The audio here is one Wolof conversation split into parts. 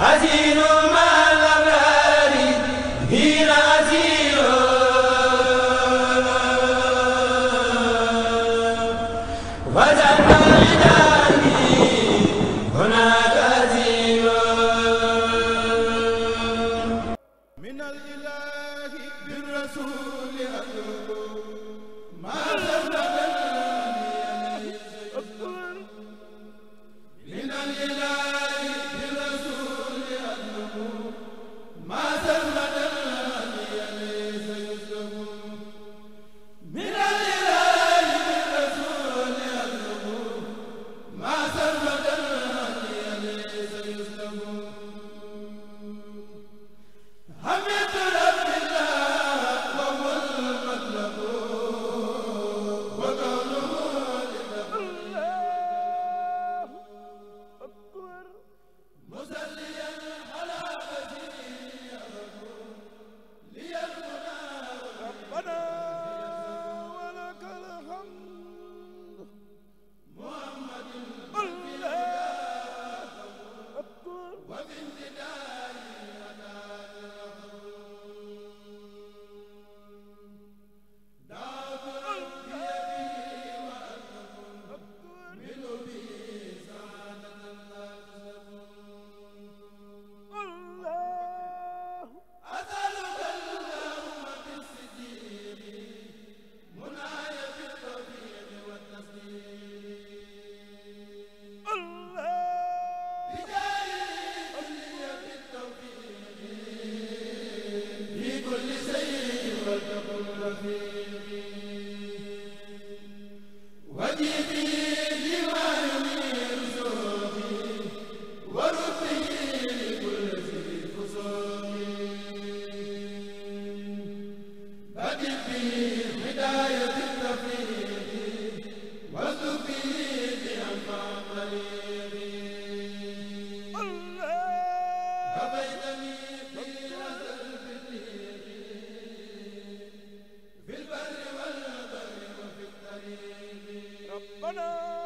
هزيل ما kono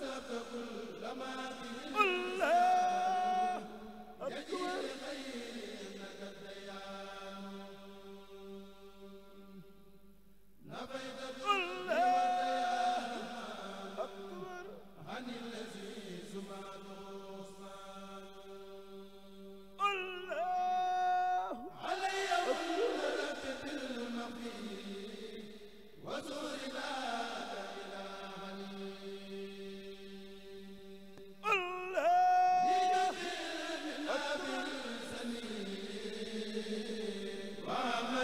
كسبت كل ما فيه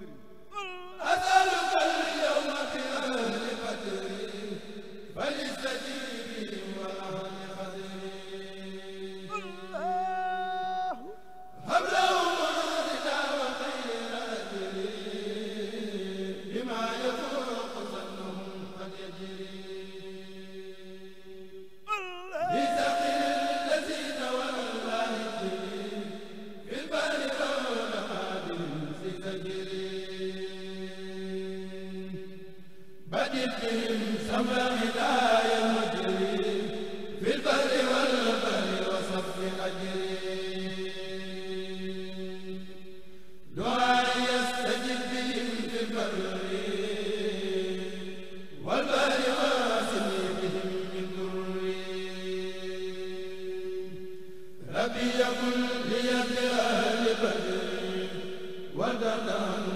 calendrier bi yakun li yadi ahli badri wa dadan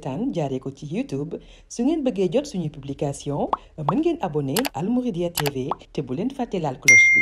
seetaan jaaree ko ci YouTube su ngeen bëggee jot suñu publication mën ngeen abonné Al Mouridiyyah TV te bu leen fàtte laal cloche